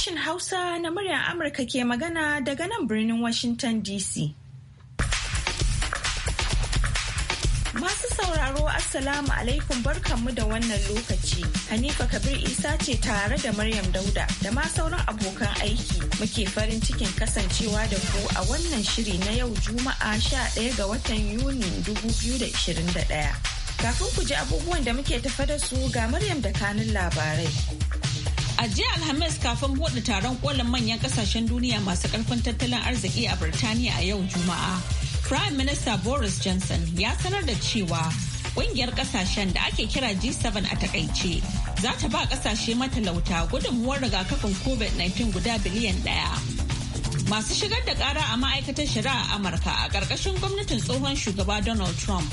Sashin Hausa na muryar Amurka ke magana daga nan birnin Washington DC. Masu sauraro Assalamu alaikum barkanmu da wannan lokaci. Hanifa Kabir Isa ce tare da Maryam Dauda da ma sauran abokan aiki muke farin cikin kasancewa da ku a wannan shiri na yau Juma'a 11 ga watan Yuni 2021. Kafin ku ji abubuwan da muke tafa da su ga Maryam da kanin labarai. A jiya Alhamis kafin buɗe taron kolin manyan ƙasashen duniya masu ƙarfin tattalin arziki a Birtaniya a yau Juma'a. Prime Minister Boris Johnson ya sanar da cewa ƙungiyar ƙasashen da ake kira G7 a takaice za ta ba ƙasashe matalauta gudunmuwar rigakafin COVID-19 guda biliyan ɗaya. Masu shigar da ƙara a ma'aikatar shari'a a Amurka a ƙarƙashin gwamnatin tsohon shugaba Donald Trump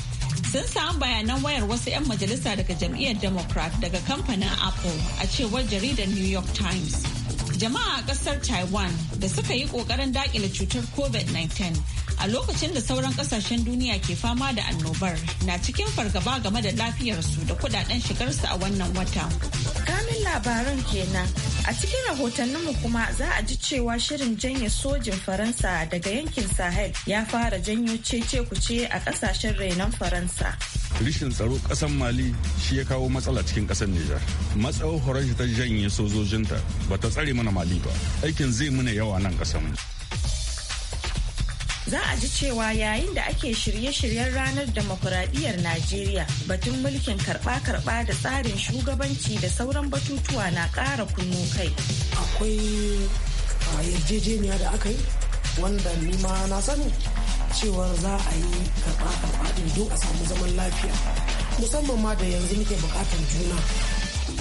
sun samu bayanan wayar wasu 'yan majalisa daga jam'iyyar democrat daga kamfanin apple a cewar jaridar new york times jama'a a kasar taiwan da suka yi kokarin dakile cutar covid-19 a lokacin da sauran kasashen duniya ke fama da annobar na cikin fargaba game da lafiyarsu da kudaden shigarsu a wannan wata kamin labaran kenan A cikin rahotanninmu kuma za a ji cewa shirin janye sojin Faransa daga yankin Sahel ya fara janyo cece kuce a kasashen renon Faransa. Rishin tsaro kasan Mali shi ya kawo matsala cikin ƙasar Nijar. Matsawar horon ta janye sojojinta ba ta tsare mana Mali ba. Aikin zai mana yawa nan kasan mu. za a ji cewa yayin da ake shirye-shiryen ranar demokuraɗiyyar Najeriya batun mulkin karɓa-karɓa da tsarin shugabanci da sauran batutuwa na ƙara kunnu kai. Akwai yarjejeniya da aka yi wanda nima na sani cewa za a yi karɓa-karɓa din a samu zaman lafiya musamman ma da yanzu muke buƙatar juna.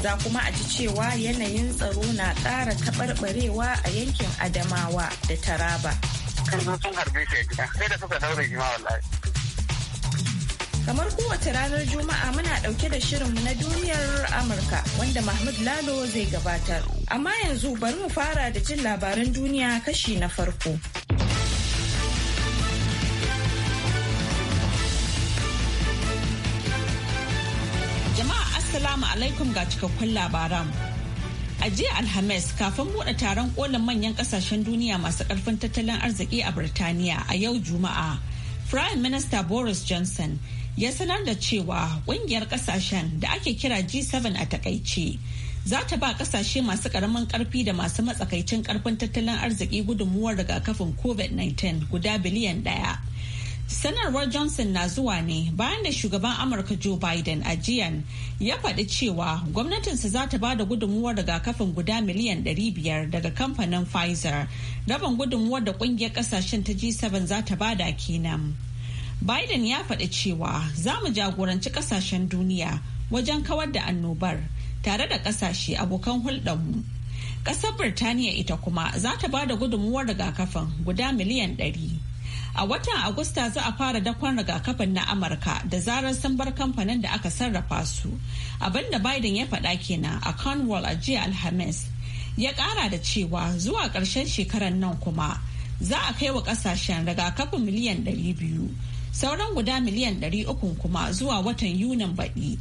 Za kuma a ji cewa yanayin tsaro na ƙara taɓarɓarewa a yankin Adamawa da Taraba. sun harbe shi gida sai da suka daure shi wallahi kamar kowace ranar juma'a muna dauke da shirinmu na duniyar amurka wanda mahmud lalo zai gabatar amma yanzu bari mu fara da jin labaran duniya kashi na farko jama'a assalamu alaikum ga cikakkun labaran A jiya Alhamis kafin buɗe taron kolin manyan ƙasashen duniya masu ƙarfin tattalin arziki a Birtaniya a yau Juma'a, Prime Minister Boris Johnson ya sanar da cewa ƙungiyar ƙasashen da ake kira G7 a takaice za ta ba ƙasashe masu ƙaramin ƙarfi da masu matsakaicin ƙarfin tattalin arziki gudunmuwar rigakafin COVID-19 guda biliyan ɗaya Sanarwar Johnson na zuwa ne bayan da shugaban Amurka Joe Biden a jiyan ya faɗi cewa gwamnatinsa za ta ba da gudunmuwar rigakafin guda miliyan 500 daga kamfanin Pfizer, rabin gudunmuwar da ƙungiyar ƙasashen ta G7 za ta bada kenan. Biden ya faɗi cewa za mu jagoranci ƙasashen duniya wajen kawar da annobar tare da ƙasashe abokan hulɗarmu. Ƙasar Birtaniya ita kuma za ta ba da gudunmuwar rigakafin guda miliyan 100. A watan Agusta za a fara dakon rigakafin na Amurka da zarar sun bar kamfanin da aka sarrafa su. Abinda Biden ya faɗa kenan a Cornwall a jiya Alhamis. Ya ƙara da cewa zuwa ƙarshen shekarar nan kuma za a kai wa ƙasashen rigakafin miliyan 200 sauran guda miliyan 300 kuma zuwa watan Yunin baɗi.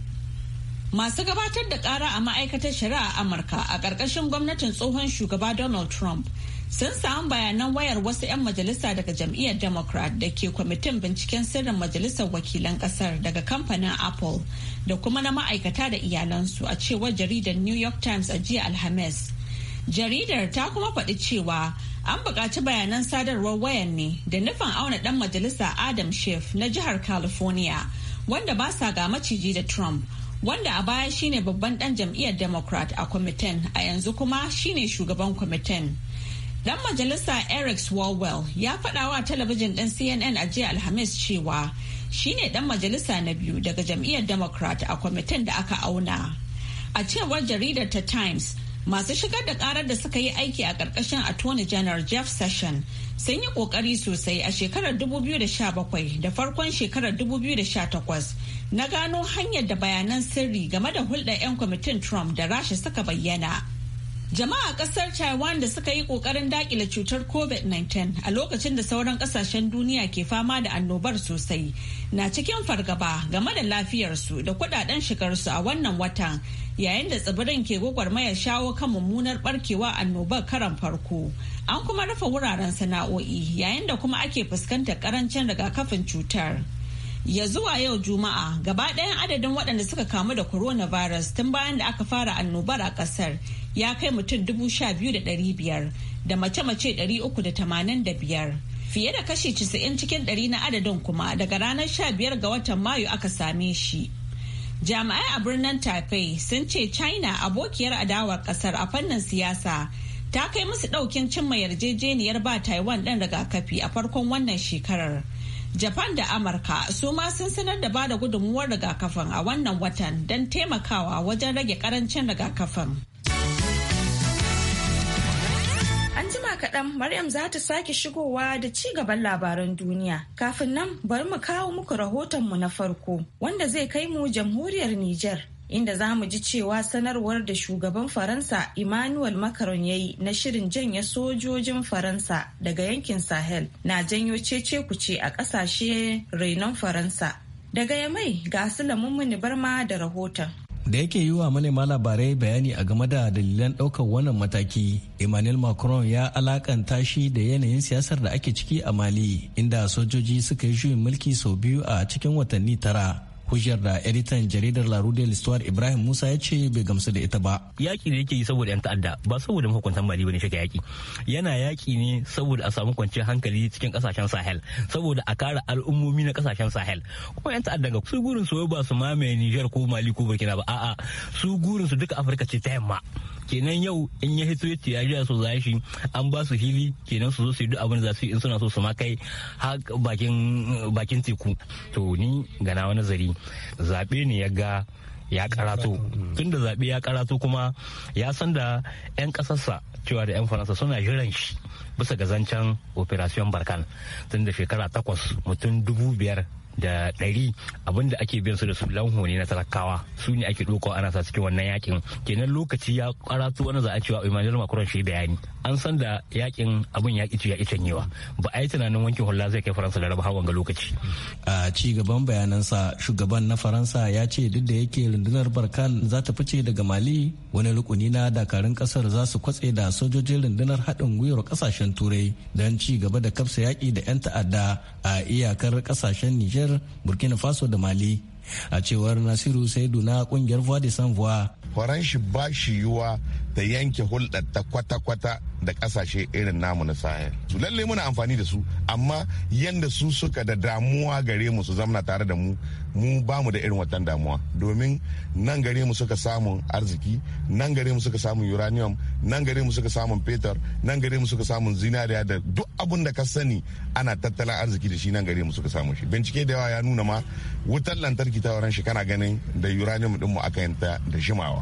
Masu gabatar da ƙara a ma'aikatar shari'a Amurka a ƙarƙashin gwamnatin tsohon shugaba Donald Trump sun samu bayanan wayar wasu 'yan majalisa daga jam'iyyar democrat da ke kwamitin binciken sirrin majalisar wakilan kasar daga kamfanin apple da kuma na ma'aikata da iyalansu a cewar jaridar new york times a jiya alhamis jaridar ta kuma faɗi cewa an buƙaci bayanan sadarwar wayan ne da nufin auna ɗan majalisa adam Schiff na jihar california wanda ba sa ga maciji da trump wanda a baya shine babban ɗan jam'iyyar democrat a kwamitin a yanzu kuma shine shugaban kwamitin Dan majalisa Eric Swalwell ya faɗa wa talabijin ɗin CNN a jiya Alhamis cewa shi ne dan majalisa na biyu daga jam'iyyar Democrat a kwamitin da aka auna. A cewar jaridar ta Times, masu shigar da karar da suka yi aiki a ƙarƙashin Attorney General Jeff Session sun yi ƙoƙari sosai a shekarar 2017 da farkon shekarar 2018 na gano hanyar da bayanan sirri game da hulɗar 'yan kwamitin Trump da Rasha suka bayyana. Jama'a kasar Taiwan da suka yi kokarin dakile cutar COVID-19 a lokacin da sauran kasashen duniya ke fama da annobar sosai na cikin fargaba game da lafiyarsu da kudaden shigarsu a wannan watan yayin da tsibirin ke gwagwarmayar shawo kan mummunar barkewa annobar karan farko. An kuma rufe wuraren sana'o'i yayin da kuma ake fuskantar karancin rigakafin cutar. ya zuwa yau juma'a gaba ɗayan adadin waɗanda suka kamu da coronavirus tun bayan da aka fara annobar a ƙasar ya kai mutum dubu sha biyu da ɗari biyar da mace-mace ɗari uku da tamanin da biyar. Fiye da kashi casa'in cikin ɗari na adadin kuma daga ranar sha biyar ga watan Mayu aka same shi. Jami'ai a birnin Taipei sun ce China abokiyar adawar ƙasar a fannin siyasa ta kai musu ɗaukin cimma yarjejeniyar ba Taiwan ɗin rigakafi a farkon wannan shekarar. Japan da Amurka su ma sun sanar da bada gudunmuwar rigakafin a wannan watan don taimakawa wajen rage karancin rigakafin. An jima kaɗan Maryam za ta sake shigowa da ci gaban labaran duniya. Kafin nan bari mu kawo muku rahotonmu na farko wanda zai kai mu jamhuriyar Nijar. Inda za mu ji cewa sanarwar da shugaban Faransa Emmanuel Macron ya yi na shirin janye sojojin Faransa daga yankin Sahel na janyo cece ce a ƙasashe renon Faransa. Daga Yamai ga mini Barma da rahoton. da yake yi wa manema labarai bayani a game da dalilan ɗaukar wannan mataki emmanuel macron ya alakanta shi da yanayin siyasar da ake ciki a mali inda sojoji suka yi juyin mulki sau biyu a cikin watanni tara hujjar da editan jaridar La Rue Ibrahim Musa ya ce bai gamsu da ita ba. yaƙi ne yake yi saboda 'yan ta'adda ba saboda mahukuntan Mali bane shiga yaki. Yana yaƙi ne saboda a samu kwanciyar hankali cikin kasashen Sahel saboda a kare al'ummomi na kasashen Sahel. Kuma 'yan ta'adda ga su gurin su ba su mamaye nijar ko Mali ko Burkina ba a'a su gurin su duka Afirka ce ta yamma. kenan yau in ya hito ya ce ya jira so za shi an ba su hili kenan su zo su yi duk abin da za su yi in suna so su ma kai bakin teku to ni gana wani zari zaɓe ne ya ga ya karato tun da zaɓe ya karato kuma ya san da 'yan ƙasarsa cewa da 'yan faransa suna jiran shi bisa ga zancen operation barkan tun da shekara takwas mutum dubu biyar da ɗari abin da ake bin su da su lanho ne na talakawa su ne ake ɗoko ana sa cikin wannan yakin kenan lokaci ya karatu wani za a cewa Emmanuel Macron shi bayani an san da yakin abun ya ci ya canyewa ba a yi tunanin wankin hula zai kai faransa da raba hawan ga lokaci a ci gaban bayanansa shugaban na faransa ya ce duk da yake rundunar barkan za ta fice daga mali wani rukuni na dakarun kasar za su kwatse da sojojin rundunar haɗin gwiwar kasashen turai don ci gaba da kafsa yaƙi da 'yan ta'adda a iyakar kasashen niger burkina faso da mali a cewar nasiru saidu na kungiyar voix de sans voix faranshi ba shi yiwuwa da yanke hulɗar ta kwata-kwata da ƙasashe irin namu na sahel su lalle muna amfani da su amma yanda su suka da damuwa gare mu su zamna tare da mu mu ba mu da irin watan damuwa domin nan gare mu suka samun arziki nan gare mu suka samun uranium nan gare mu suka samun fetur nan gare mu suka samun zinariya da duk abun da ka sani ana tattala arziki da shi nan gare mu suka samu shi bincike da yawa ya nuna ma wutar lantarki ta wurin shi kana ganin da uranium din mu aka yanta da shimawa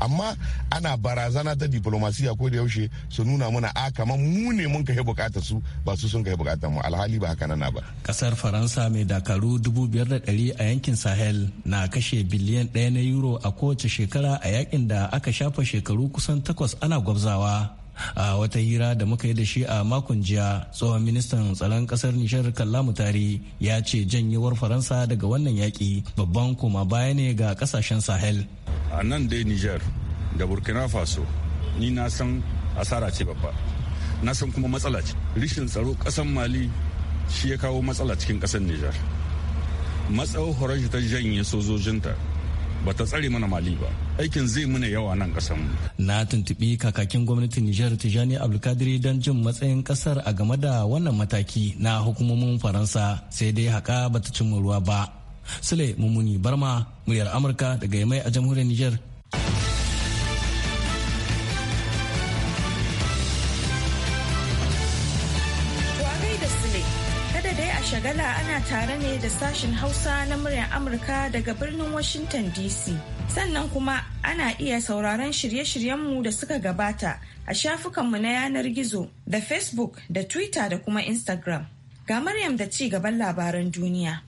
amma ana barazana ta diplomasiya ko da yaushe su nuna mana a kamar mu ne mun kai bukatar su ba su sun kai bukatar mu alhali ba haka nan ba kasar faransa mai dakaru 5,100 a yankin sahel na kashe biliyan ɗaya na euro a kowace shekara a yakin da aka shafa shekaru kusan takwas ana gwabzawa a wata hira da muka yi da shi a makon jiya tsohon ministan tsaron kasar nishar kallamu tari ya ce janyewar faransa daga wannan yaƙi babban koma baya ne ga kasashen sahel a nan dai niger da burkina faso ni na san asara ce babba na san kuma matsala ce rishin tsaro kasan mali shi ya kawo matsala cikin kasar Nijar. matsawar horon ta janye sojojinta ba ta tsare mana mali ba aikin zai muna yawa nan kasan na tuntubi kakakin gwamnatin Nijar Tijani Abdulkadir don jin matsayin kasar a game da wannan mataki na hukumomin Faransa sai dai haka bata cimma ruwa ba Sule Mumuni Barma muryar Amurka daga Yamai a jamhuriyar Nijar dai a shagala ana tare ne da sashen Hausa na muryar Amurka daga birnin Washington DC. Sannan kuma ana iya sauraron shirye-shiryenmu da suka gabata a shafukanmu na yanar gizo da Facebook da Twitter da kuma Instagram. Ga Maryam da ci gaban labaran duniya.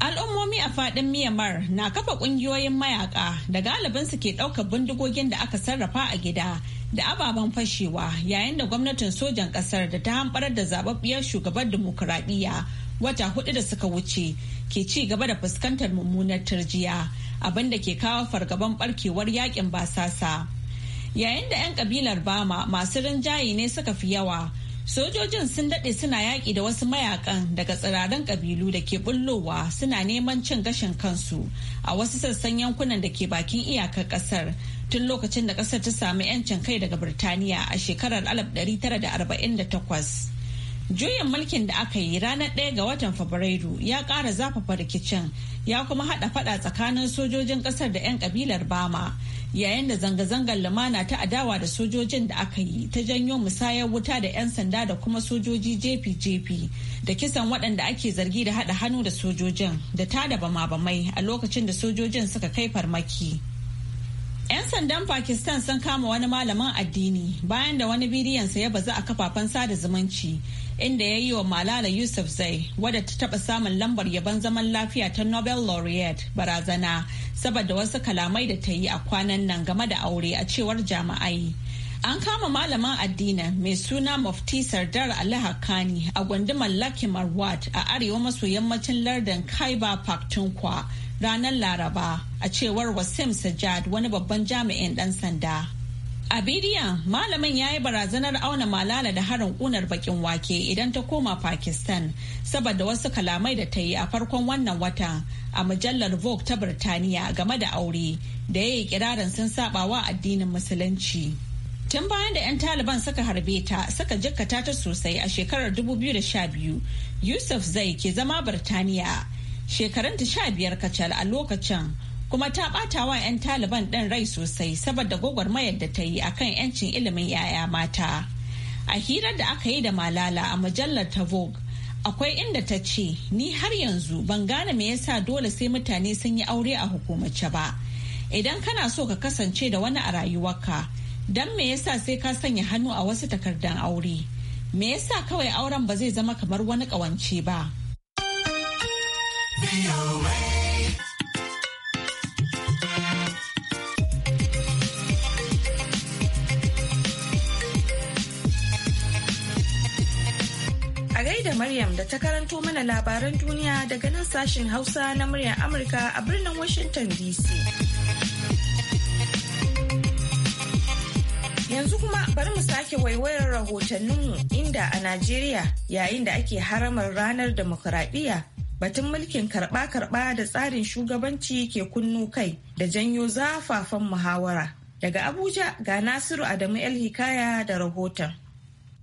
Al'ummomi a faɗin Myanmar na kafa ƙungiyoyin mayaka da galibinsu ke ɗaukar bindigogin da aka sarrafa a gida. da ababen fashewa yayin da gwamnatin sojan kasar da ta hamɓarar da zababbiyar shugaban dimokuraɗiyya wata hudu da suka wuce ke ci gaba da fuskantar mummunar turjiya abin da ke kawo fargaban barkewar yakin basasa yayin da 'yan kabilar bama masu rinjaye ne suka fi yawa sojojin sun daɗe suna yaƙi da wasu mayakan daga tsirarin ƙabilu da ke bullowa suna neman cin gashin kansu a wasu sassan yankunan da ke bakin iyakar ƙasar tun lokacin da kasar ta sami 'yancin kai daga Birtaniya a shekarar 1948. Juyin mulkin da aka yi ranar ɗaya ga watan Fabrairu ya ƙara zafafa rikicin ya kuma haɗa faɗa tsakanin sojojin ƙasar da 'yan ƙabilar Bama yayin da zanga-zangar lumana ta adawa da sojojin da aka yi ta janyo musayar wuta da 'yan sanda da kuma sojoji jefi-jefi da kisan waɗanda ake zargi da haɗa hannu da sojojin da ta da bama-bamai a lokacin da sojojin suka kai farmaki. 'Yan sandan Pakistan sun kama wani malamin addini bayan da wani bidiyonsa ya bazu a kafafen sada zumunci inda ya yi wa Malala Yusuf Zai wadda ta taɓa samun lambar yaban zaman lafiya ta Nobel laureate barazana saboda wasu kalamai da ta yi a kwanan nan game da aure a cewar jama'ai. An kama malaman addinin mai suna Mufti Sardar Ali Kani a gundumar Lucky Marwat a arewa maso yammacin lardin Kaiba tunkwa ranar Laraba a cewar Wasim Sajad wani babban jami'in ɗan sanda. A bidiyon malamin ya yi barazanar auna malala da harin ƙunar baƙin wake idan ta koma Pakistan saboda wasu kalamai da ta yi a farkon wannan wata a mujallar Vogue ta Birtaniya game da aure da ya yi kirarin sun wa addinin Musulunci. Tun bayan da 'yan Taliban suka harbe ta suka jikkata ta sosai a shekarar 2012, Yusuf Zai ke zama Birtaniya. ta sha biyar kacal a lokacin kuma ta ɓata wa 'yan Taliban ɗin rai sosai saboda gwagwarmayar da ta yi kan 'yancin ilimin 'ya'ya mata. A hirar da aka yi da Malala a mujallar ta Vogue, akwai inda ta ce ni har yanzu ban gane me yasa dole sai mutane sun yi aure a hukumance ba idan kana so ka kasance da wani a rayuwarka don me yasa sai ka sanya hannu a wasu takardan aure me yasa kawai auren ba zai zama kamar wani ƙawance ba A gaida Maryam da ta karanto mana labaran duniya daga nan sashen Hausa na muryar Amurka a birnin Washington DC. Yanzu kuma bari mu sake waiwayar rahotanninmu inda a Najeriya yayin da ake haramar ranar demokuraɗiyya batun mulkin karɓa-karɓa da tsarin shugabanci ke kunnu kai da janyo zafafan muhawara. Daga Abuja ga Nasiru Adamu El Hikaya da rahoton.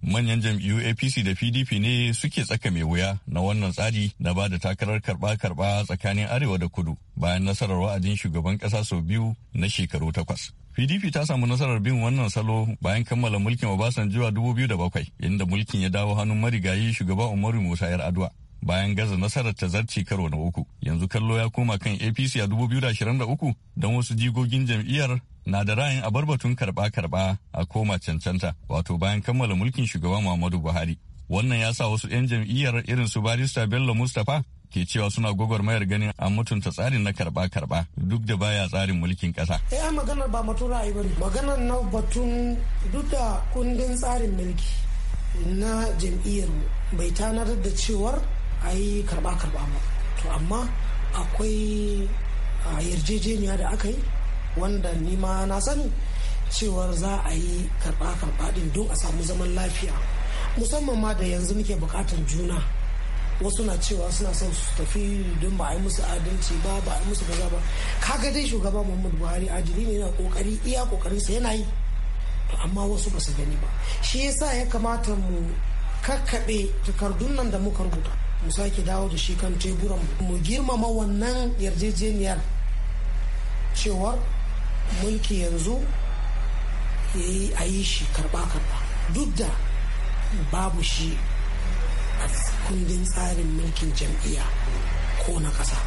manyan jam'iyyu apc da pdp ne suke tsaka mai wuya na wannan tsari na ba da takarar karɓa karɓa tsakanin arewa da kudu bayan nasarar wa'adin shugaban ƙasa sau biyu na shekaru takwas PDP ta samu nasarar bin wannan salo bayan kammala mulkin Obasanjo a 2007 inda mulkin ya dawo hannun marigayi shugaba Umaru Musa Yar'adua. Bayan gaza nasarar ta zarce karo na uku, yanzu kallo ya koma kan APC a 2023 don wasu jigogin jam'iyyar na da ra'ayin a barbatun karba-karba a koma cancanta wato bayan kammala mulkin shugaba Muhammadu Buhari. Wannan ya sa wasu 'yan jam'iyyar irin su Barista Bello Mustapha ke cewa suna gwagwarmayar ganin an mutunta tsarin na karba-karba duk da baya tsarin mulkin kasa. Eh maganar ba batun ra'ayi bane maganar na batun duk da kundin tsarin mulki na jam'iyyar mu bai tanadar da cewar a yi karba-karba ba. To amma akwai yarjejeniya da aka yi wanda ni ma na sani cewar za a yi karba-karba din don a samu zaman lafiya musamman ma da yanzu muke bukatar juna. wasu na cewa suna son su tafi don ba a yi musu adalci ba ba a yi musu gaza ba kaga dai shugaba muhammadu buhari adili ne yana kokari iya kokarinsa yana yi to amma wasu ba su gani ba shi yasa ya kamata mu kakkaɓe takardun nan da muka rubuta mu sake dawo da shi kan teburan mu girmama wannan yarjejeniyar cewa mulki yanzu ya yi a yi shi karba karba duk da babu shi a kundin tsarin mulkin jam'iyya ko na ƙasa.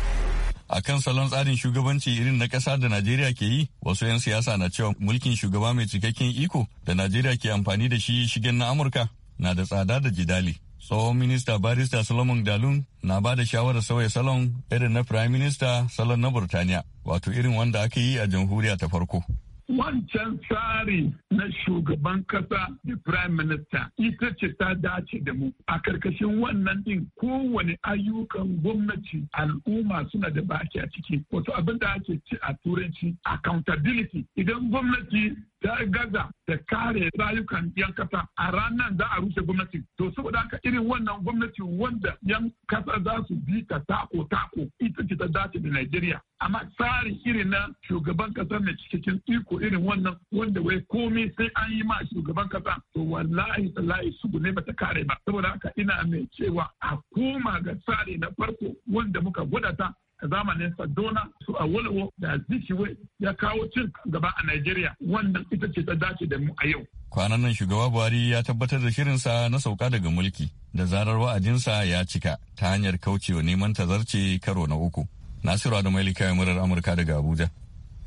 a kan salon tsarin shugabanci irin na ƙasa da Najeriya ke yi wasu 'yan siyasa na cewa mulkin shugaba mai cikakken iko da Najeriya ke amfani da shi shigen na Amurka na da tsada da jidali. Tsohon minista barista Solomon Dalun na ba da shawarar sauya salon irin na Prime Minister salon na Burtaniya wato irin wanda aka yi a jamhuriya ta farko. wancan tsari na shugaban kasa da prime minister ita ce ta dace da mu a karkashin wannan din kowane ayyukan gwamnati al'umma suna da baki a ciki wato abin da ake ci a turanci accountability idan gwamnati ta gaza da kare rayukan yan kasa a ranar za a rushe gwamnati to saboda haka irin wannan gwamnati wanda yan kasa za su bi ta tako tako ita ce ta dace da Najeriya amma tsari irin na shugaban kasa mai cikin iko irin wannan wanda wai komai sai an yi ma shugaban kasa to wallahi tsallahi su ne bata kare ba saboda haka ina mai cewa a koma ga tsari na farko wanda muka gwada a zamanin Sadona su a walwo da Zikiwe ya kawo cin gaba a nigeria wannan ita ce ta dace da mu a yau. Kwanan nan shugaba Buhari ya tabbatar da shirinsa na sauka daga mulki da zarar wa'adinsa ya cika ta hanyar kaucewa neman tazarce karo na uku. Nasiru Adamu Elika murar Amurka daga Abuja,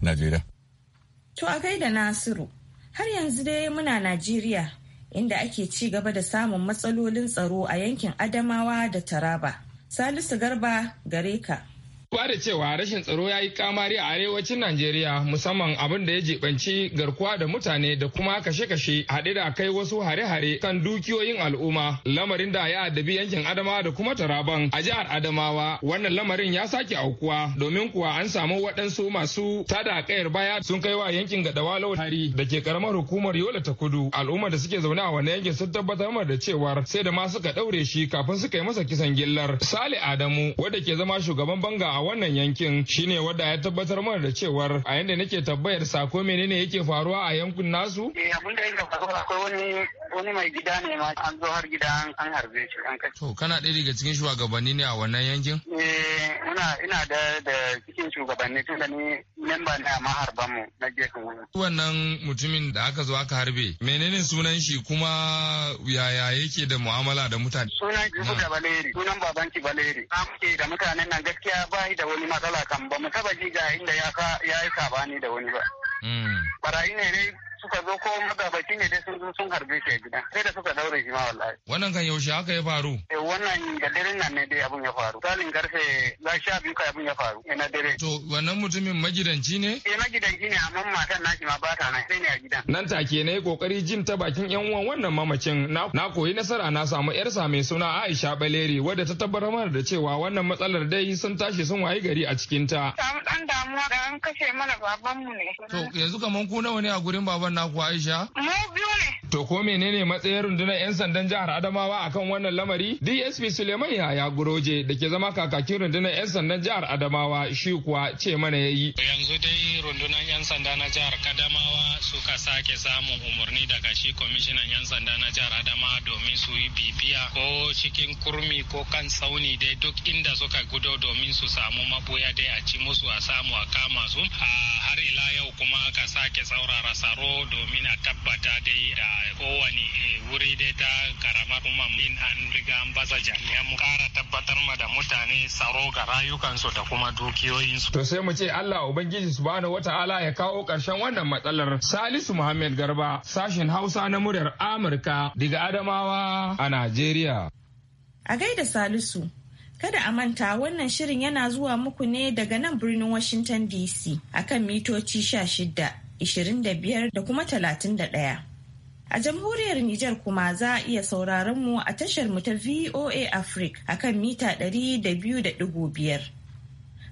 Najeriya. To a da Nasiru, har yanzu dai muna Najeriya inda ake ci gaba da samun matsalolin tsaro a yankin Adamawa da Taraba. Salisu Garba gare ka. Duba da cewa rashin tsaro ya yi kamari a arewacin Najeriya musamman abin da ya jibanci garkuwa da mutane da kuma kashe-kashe haɗe da kai wasu hare-hare kan dukiyoyin al'umma lamarin da ya adabi yankin Adamawa da kuma Taraban a jihar Adamawa wannan lamarin ya sake aukuwa domin kuwa an samu waɗansu masu tada kayar baya sun kai wa yankin gaɗawa hari da ke karamar hukumar Yola ta Kudu al'umma da suke zaune a wannan yankin sun tabbatar da cewar sai da ma suka ɗaure shi kafin suka yi masa kisan gillar Sale Adamu wanda ke zama shugaban banga a wannan yankin shine wanda ya tabbatar mana da cewar a yanda nake tabbayar sa menene yake faruwa a yankun nasu eh abin da yake faruwa akwai wani wani mai gida ne ma an zo har gida an harbe shi an kai. to kana ɗaya daga cikin shugabanni ne a wannan yankin eh ina ina da da cikin shugabanni tunda ni memba ne a maharban mu na gefen wani wannan mutumin da aka zo aka harbe menene sunan shi kuma yaya yake da mu'amala da mutane sunan shi da Baleri sunan babanki Baleri an da mutanen nan gaskiya ba yi da wani matsala kan ba mu taba ji ga inda ya yi sabani da wani ba. Hmm. Barayi ne dai suka zo ko magabacin ne dai sun zo sun harbe shi a gida sai da suka daure shi ma wallahi wannan kan yaushe haka ya faru eh wannan da daren nan ne dai abun ya faru talin Garfe za sha biyu kai abun ya faru Ina eh, dare to wannan mutumin magidanci ne eh magidanci ne amma matan nashi ma ba ta nan sai ne a gida nan take ne kokari jin ta bakin yan uwan wannan mamacin na koyi nasara na samu yarsa mai suna Aisha Baleri wadda ta tabbatar mana da cewa wannan matsalar dai sun tashi sun wayi gari a cikin ta dan damuwa da an kashe mana babanmu ne to yanzu kaman ku nawa ne a gurin baban na kuwa Aisha? Mu biyu ne. To ko menene matsayin rundunar 'yan sandan jihar Adamawa akan wannan lamari? DSP Suleiman ya Guroje da ke zama kakakin rundunar 'yan sandan jihar Adamawa shi kuwa ce mana ya yi. Yanzu dai rundunar 'yan sanda na jihar Kadamawa suka sake samun umarni daga shi kwamishinan 'yan sanda na jihar Adamawa domin su yi bibiya ko cikin kurmi ko kan tsauni dai duk inda suka gudo domin su samu mabuya dai a ci musu a samu a kama su. Har ila yau kuma aka sake tsaurara tsaro domin a tabbata dai da kowane e, wuri dai ta karamar umarnin an riga an baza jami'an mu kara tabbatar ma da mutane tsaro ga rayukansu da kuma dukiyoyinsu. To sai mu ce Allah Ubangiji wata ala ya kawo ƙarshen wannan matsalar. Salisu Muhammad Garba sashen Hausa na muryar Amurka daga Adamawa a Najeriya. A gaida Salisu, Kada a manta wannan shirin yana zuwa muku ne daga nan birnin Washington DC akan mitoci 16, 25 da kuma 31. A jamhuriyar Nijar kuma za a iya sauraron mu a tashar mu ta VOA Africa akan mita 200.5.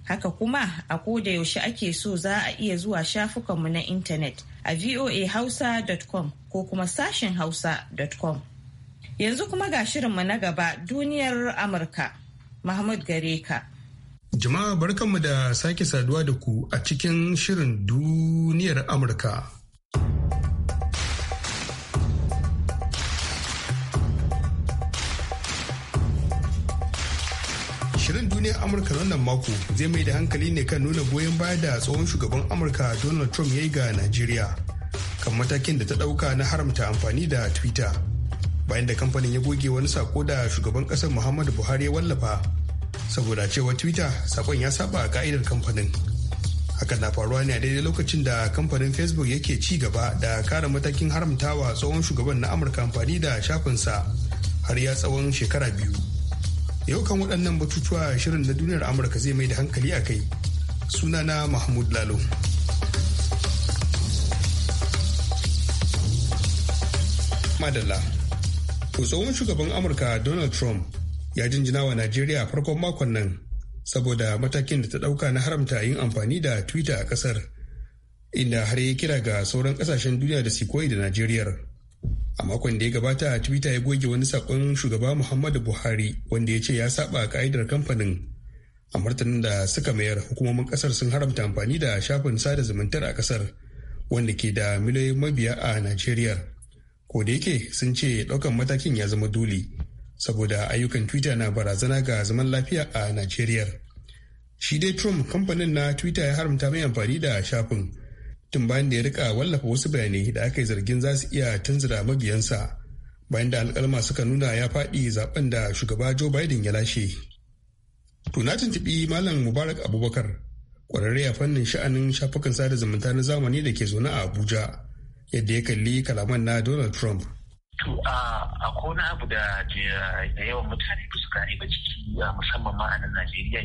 Haka kuma a koda yaushe ake so za a iya zuwa shafukanmu na intanet a voahausa.com ko kuma sashen hausa.com. Yanzu kuma ga shirinmu na gaba duniyar Amurka. Mahmud Gareka. Jama'a barkanmu da sake saduwa da ku a cikin shirin duniyar Amurka. Shirin duniyar Amurka wannan mako zai mai da hankali ne kan nuna goyon baya da tsohon shugaban Amurka Donald Trump ya yi ga Najeriya kan matakin da ta ɗauka na haramta amfani da Twitter bayan da kamfanin ya goge wani sako da shugaban ƙasar Muhammadu Buhari ya wallafa. saboda cewa twitter sakon ya saba ka'idar kamfanin haka na faruwa ne a daidai lokacin da kamfanin facebook yake ci gaba da kare matakin haramtawa tsohon shugaban na amurka amfani da shafinsa har ya tsawon shekara biyu yau kan waɗannan batutuwa shirin na duniyar amurka zai mai da hankali a kai sunana mahmud lalo madalla tsohon shugaban amurka donald trump ya jinjina wa Najeriya farkon makon nan saboda matakin da ta ɗauka na haramta yin amfani da Twitter a ƙasar, inda har ya kira ga sauran ƙasashen duniya da su koyi da Najeriya. A makon da ya gabata, Twitter ya goge wani saƙon shugaba Muhammadu Buhari wanda ya ce ya saba ka'idar kamfanin. A martanin da suka mayar hukumomin ƙasar sun haramta amfani da shafin sada zumuntar a ƙasar wanda ke da miliyoyin mabiya a Najeriya. Ko da yake sun ce ɗaukan matakin ya zama dole. saboda ayyukan twitter na barazana ga zaman lafiya a nigeria. shi dai trump kamfanin na twitter ya haramta mai amfani da shafin tun bayan da ya rika wallafa wasu bayanai da aka yi zargin za su iya tanzira mabiyansa bayan da alkalma suka nuna ya faɗi zaben da shugaba joe biden ya lashe to na tuntuɓi malam mubarak abubakar kwararre a fannin sha'anin shafukan sada zumunta na zamani da ke zaune a abuja yadda ya kalli kalaman na donald trump To a kona abu da yawan mutane ba su gane ba ciki musamman ma a nan Najeriya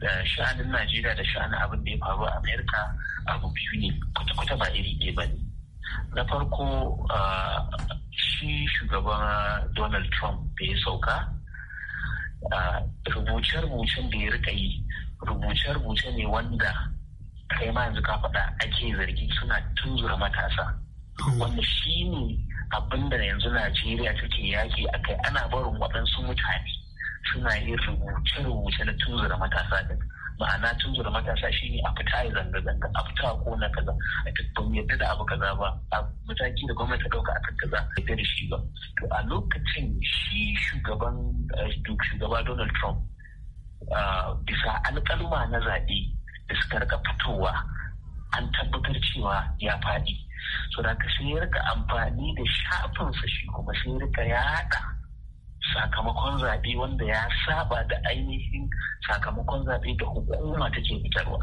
da sha'anin Najeriya da sha'anin abin da ya faru a Amerika abu biyu ne kwata-kwata ba iri ɗaya ba ne. Na farko shi shugaban Donald Trump da sauka rubuce-rubucen da ya rika yi rubuce-rubuce ne wanda kai ma yanzu ka faɗa ake zargi suna tunzura matasa. Wani shi ne abin da yanzu najeriya take yaki a kai ana barin waɗansu mutane suna yin rubuce-rubuce na tunzura matasa din ma'ana tunzura matasa shi ne a fita ya zanga-zanga a fita ko na kaza a tabbam yadda da abu kaza ba a mataki da gwamnati ta ɗauka a kan kaza yadda da shi ba to a lokacin shi shugaban eh, shugaba donald trump bisa alƙalma na zaɓe da suka rika fitowa an tabbatar cewa ya faɗi so da ka sai ya amfani da shafinsa shi kuma sai ya rika yaɗa sakamakon zaɓe wanda ya saba da ainihin sakamakon zaɓe da hukuma take fitarwa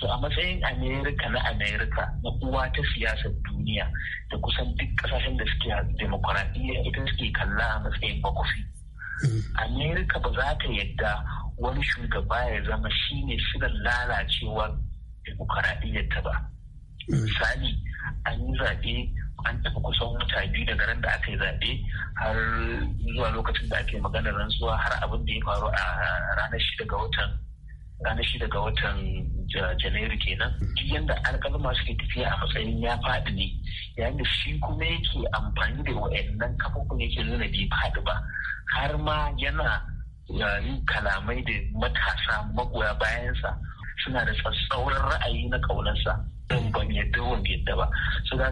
so a matsayin amerika na amerika na uwa ta siyasar duniya da kusan duk ƙasashen da suke demokuraɗiyya ita suke kalla a matsayin bakwai. amerika ba za ta yadda wani shugaba ya zama shine sigan lalacewar demokuraɗiyyar ta ba misali an yi zaɓe an tafi kusan wata biyu daga ran da aka yi zaɓe har zuwa lokacin da ake maganar rantsuwa har abin da ya faru a ranar shida ga watan janairu kenan duk yadda alƙalma suke tafiya a matsayin ya faɗi ne yayin da shi kuma yake amfani da wa'annan kafofin yake nuna bai faɗi ba har ma yana yin kalamai da matasa magoya bayansa suna da tsatsauran ra'ayi na ƙaunarsa don ban yadda ban yadda ba su ga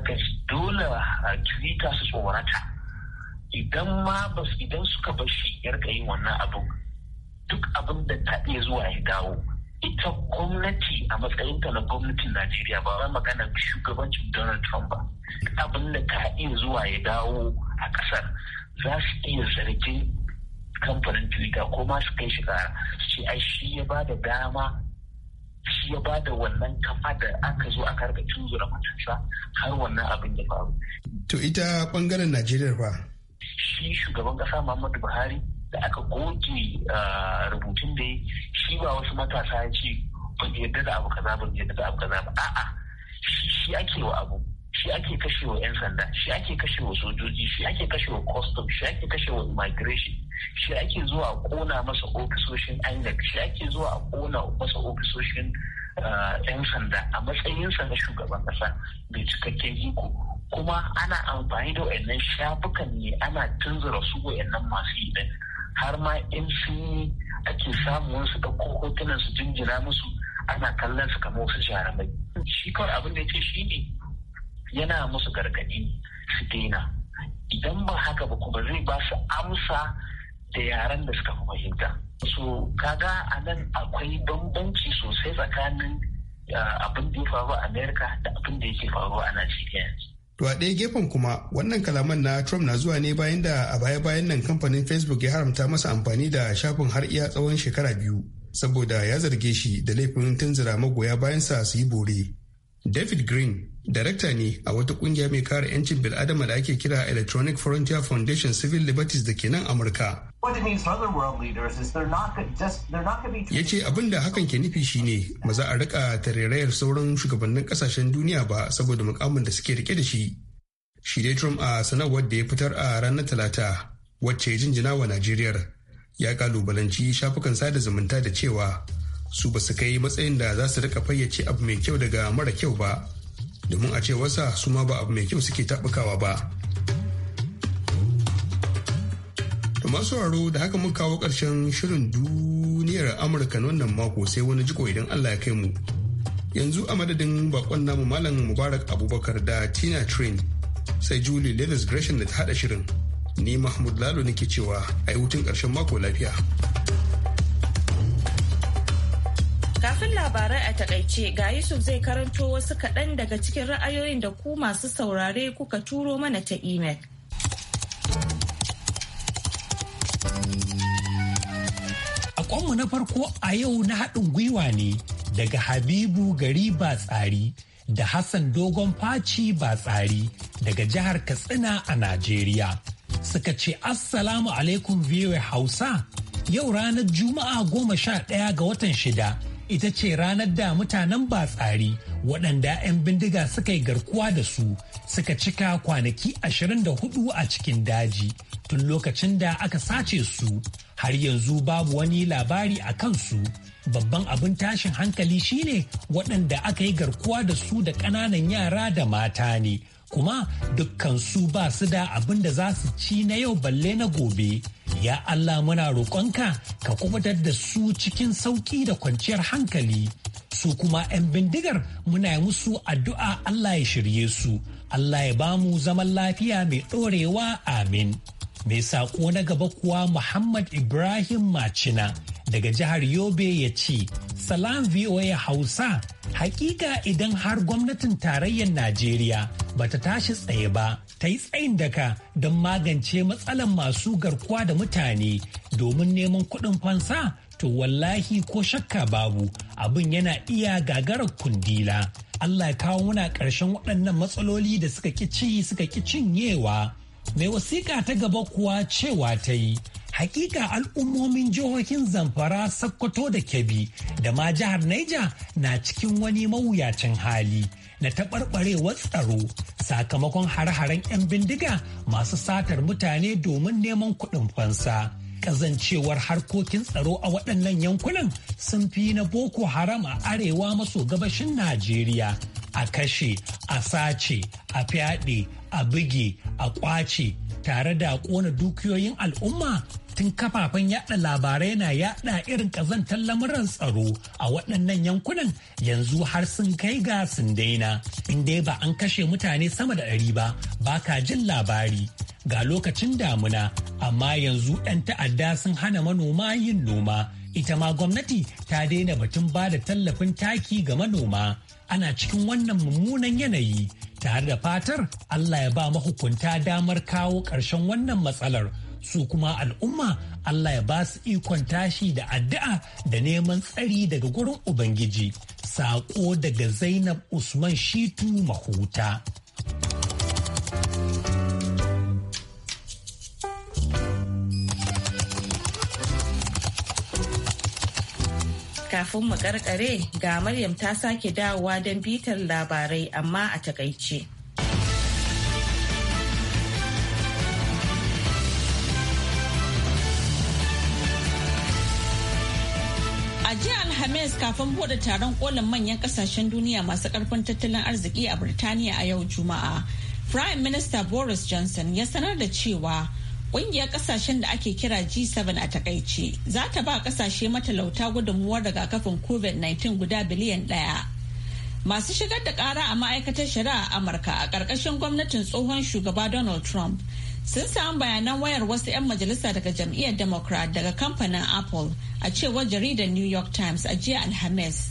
dole a tuwita su tsorata idan ma ba idan suka bar shi ya rika yin wannan abin duk abin da ta iya zuwa ya dawo ita gwamnati a matsayinta na gwamnatin najeriya ba ba magana shugabancin donald trump ba abin da ta iya zuwa ya dawo a kasar za su iya zargin kamfanin twitter ko ma su kai shi kara su ce ai shi ya ba da dama shi ya ba da wannan kafa da aka zo aka rika tunzura matasa har wannan abin ya faru. To ita bangaren Najeriya ba? Shi shugaban kasa Muhammadu Buhari da aka goge rubutun da ya shi ba wasu matasa ya ce ban yarda da abu kaza ban yarda da abu kaza ba a'a shi shi ake wa abu shi ake kashewa 'yan sanda shi ake kashewa sojoji shi ake kashewa custom shi ake kashewa immigration shi ake zuwa a kona masa ofisoshin inec shi ake zuwa a kona masa ofisoshin 'yan ah, sanda a matsayinsa na shugaban kasa mai cikakken iko kuma ana amfani da wayannan shafukan ne ana tunzura su wayannan masu yi har ma in sun ake samun su ɗauko hotunan su jinjina musu ana kallon su kamar wasu jarumai shi kawai abin da yake shi ne yana musu gargaɗi su daina idan ba haka ba kuma zai ba su amsa da yaren da suka fahimta su kaga a nan akwai bambanci sosai tsakanin ah, abin da ya faru a amerika da abin da yake faru a najeriya To a ɗaya gefen kuma wannan kalaman na Trump na zuwa ne bayan da a baya-bayan nan kamfanin Facebook ya haramta masa amfani da shafin har iya tsawon shekara biyu saboda ya zarge shi da laifin tunzura magoya bayansa su yi bore. David Green, darakta ne a wata kungiya mai kare 'yancin bil'adama da ake kira Electronic Frontier Foundation Civil Liberties da ke nan Amurka. Ya ce abin da hakan ke nufi shine ba za a rika tarairayar sauran shugabannin kasashen duniya ba saboda mukamin da suke rike da shi. Shi dai Trump a sanarwar da ya fitar a ranar Talata wacce jinjina wa Najeriya ya kalubalanci shafukan sada zumunta da cewa su ba su kai matsayin da za su rika fayyace abu mai kyau daga mara kyau ba domin a ce wasa su ma ba abu mai kyau suke taɓukawa ba da masu waro da haka muka kawo ƙarshen shirin duniyar amurka na wannan mako sai wani jiko idan allah ya kai mu yanzu a madadin bakon namu malam mubarak abubakar da tina train sai julie ladies gresham da ta haɗa shirin ni mahmud lalo nake cewa a yi hutun ƙarshen mako lafiya Kafin labarai a takaice ga Yusuf zai karanto wasu kaɗan daga cikin ra'ayoyin da ku masu saurare kuka turo mana ta imel. ƙwanmu na farko a yau na haɗin gwiwa ne daga Habibu Gari tsari da Hassan Dogon Faci ba-tsari daga jihar Katsina a Najeriya. Suka ce Assalamu alaikum VOA Hausa yau ranar Juma'a goma sha ɗaya ga watan shida ita ce ranar da mutanen ba tsari waɗanda 'yan bindiga suka yi garkuwa da su suka cika kwanaki 24 a cikin daji tun lokacin da aka sace su har yanzu babu wani labari a kansu babban abin tashin hankali shine waɗanda aka yi garkuwa da su da ƙananan yara da mata ne kuma dukkansu ba su da abin da za su ci na yau balle na gobe. Ya Allah muna roƙonka ka kubutar da su cikin sauƙi da kwanciyar hankali. Su kuma 'yan bindigar muna yi musu addu'a Allah ya shirye su, Allah ya ba mu zaman lafiya mai ɗorewa amin. Mai saƙo na gaba kuwa Muhammad Ibrahim Macina daga jihar Yobe ya ce, Salam VOA Hausa, hakika idan har gwamnatin tarayyar Najeriya bata tashi tsaye ba, ta yi tsayin daka don magance matsalar masu garkuwa da mutane domin neman kuɗin fansa to wallahi ko shakka babu abin yana iya gagarar kundila. Allah ya kawo muna ƙarshen waɗannan matsaloli da suka ƙi ci suka ƙi cinyewa mai wasiƙa ta gaba kuwa cewa ta yi hakika al'ummomin jihohin zamfara sakkwato da kebbi da ma jihar Niger na cikin wani mawuyacin hali na taɓarɓarewar tsaro sakamakon har-haren 'yan bindiga masu satar mutane domin neman kuɗin fansa. ƙazancewar harkokin tsaro a waɗannan yankunan sun fi na boko haram a arewa maso gabashin najeriya a kashe a sace a fyaɗe a buge a ƙwace tare da ƙona dukiyoyin al'umma tun kafafen yaɗa labarai na yaɗa irin ƙazantar lamuran tsaro a waɗannan yankunan yanzu har sun kai ga sun daina in dai ba an kashe mutane sama da ɗari ba ba ka jin labari ga lokacin damuna amma yanzu 'yan ta'adda sun hana manoma yin noma ita ma gwamnati ta daina batun ba da tallafin taki ga manoma ana cikin wannan mummunan yanayi tare da fatar Allah ya ba mahukunta damar kawo ƙarshen wannan matsalar su kuma al'umma Allah ya ba su ikon tashi da addu'a da neman tsari daga gurin Ubangiji. Saƙo daga Zainab Usman Shitu Mahuta. kafin mu karkare ga Maryam ta sake dawowa don bitar labarai amma a takaice. A jiya Alhamis kafin bude taron kolin manyan kasashen duniya masu karfin tattalin arziki a Birtaniya a yau Juma'a, Prime Minister Boris Johnson ya sanar da cewa Ƙungiyar ƙasashen da ake kira G7 a takaice za ta ba ƙasashe matalauta gudunmuwar rigakafin COVID-19 guda biliyan ɗaya. Masu shigar da ƙara a ma'aikatar shari'a Amurka a ƙarƙashin gwamnatin tsohon shugaba Donald Trump sun samu bayanan wayar wasu 'yan majalisa daga jam'iyyar Democrat daga kamfanin Apple a cewar jaridar New York Times a jiya Alhamis.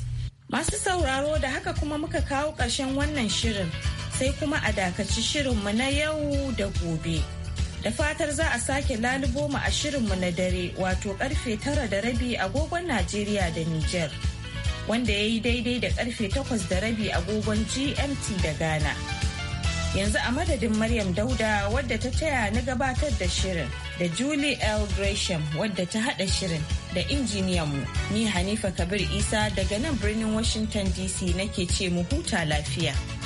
Masu sauraro da haka kuma muka kawo ƙarshen wannan shirin sai kuma a dakaci shirin mu na yau da gobe. da fatar za a sake lalubo mu a shirinmu na dare wato karfe tara da rabi agogon Najeriya da Nijar wanda ya yi daidai da karfe takwas da rabi agogon GMT da Ghana. Yanzu a madadin Maryam Dauda wadda ta taya na gabatar da shirin da Julie L. Gresham wadda ta haɗa shirin da injiniyanmu ni Hanifa Kabir Isa daga nan birnin Washington DC nake ce mu huta lafiya.